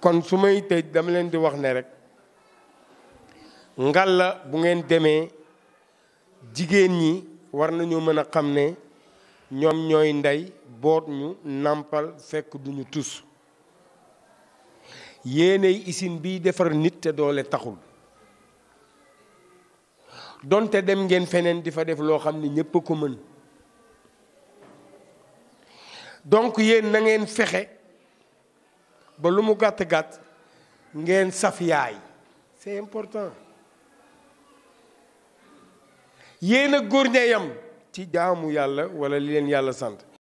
kon su may tëj dama leen di wax ne rek ngalla bu ngeen demee jigéen ñi war nañu mën a xam ne ñoom ñooy ndey boot ñu nàmpal fekk duñu tus yéenay isin bi defar nit te doole taxul doonte dem ngeen feneen di fa def loo xam ne ñépp ko mën donc yéen na ngeen fexe ba lu mu gàtt gàtt ngeen saf yaay c'est important yéen a góor ña ci jaamu yàlla wala li leen yàlla sant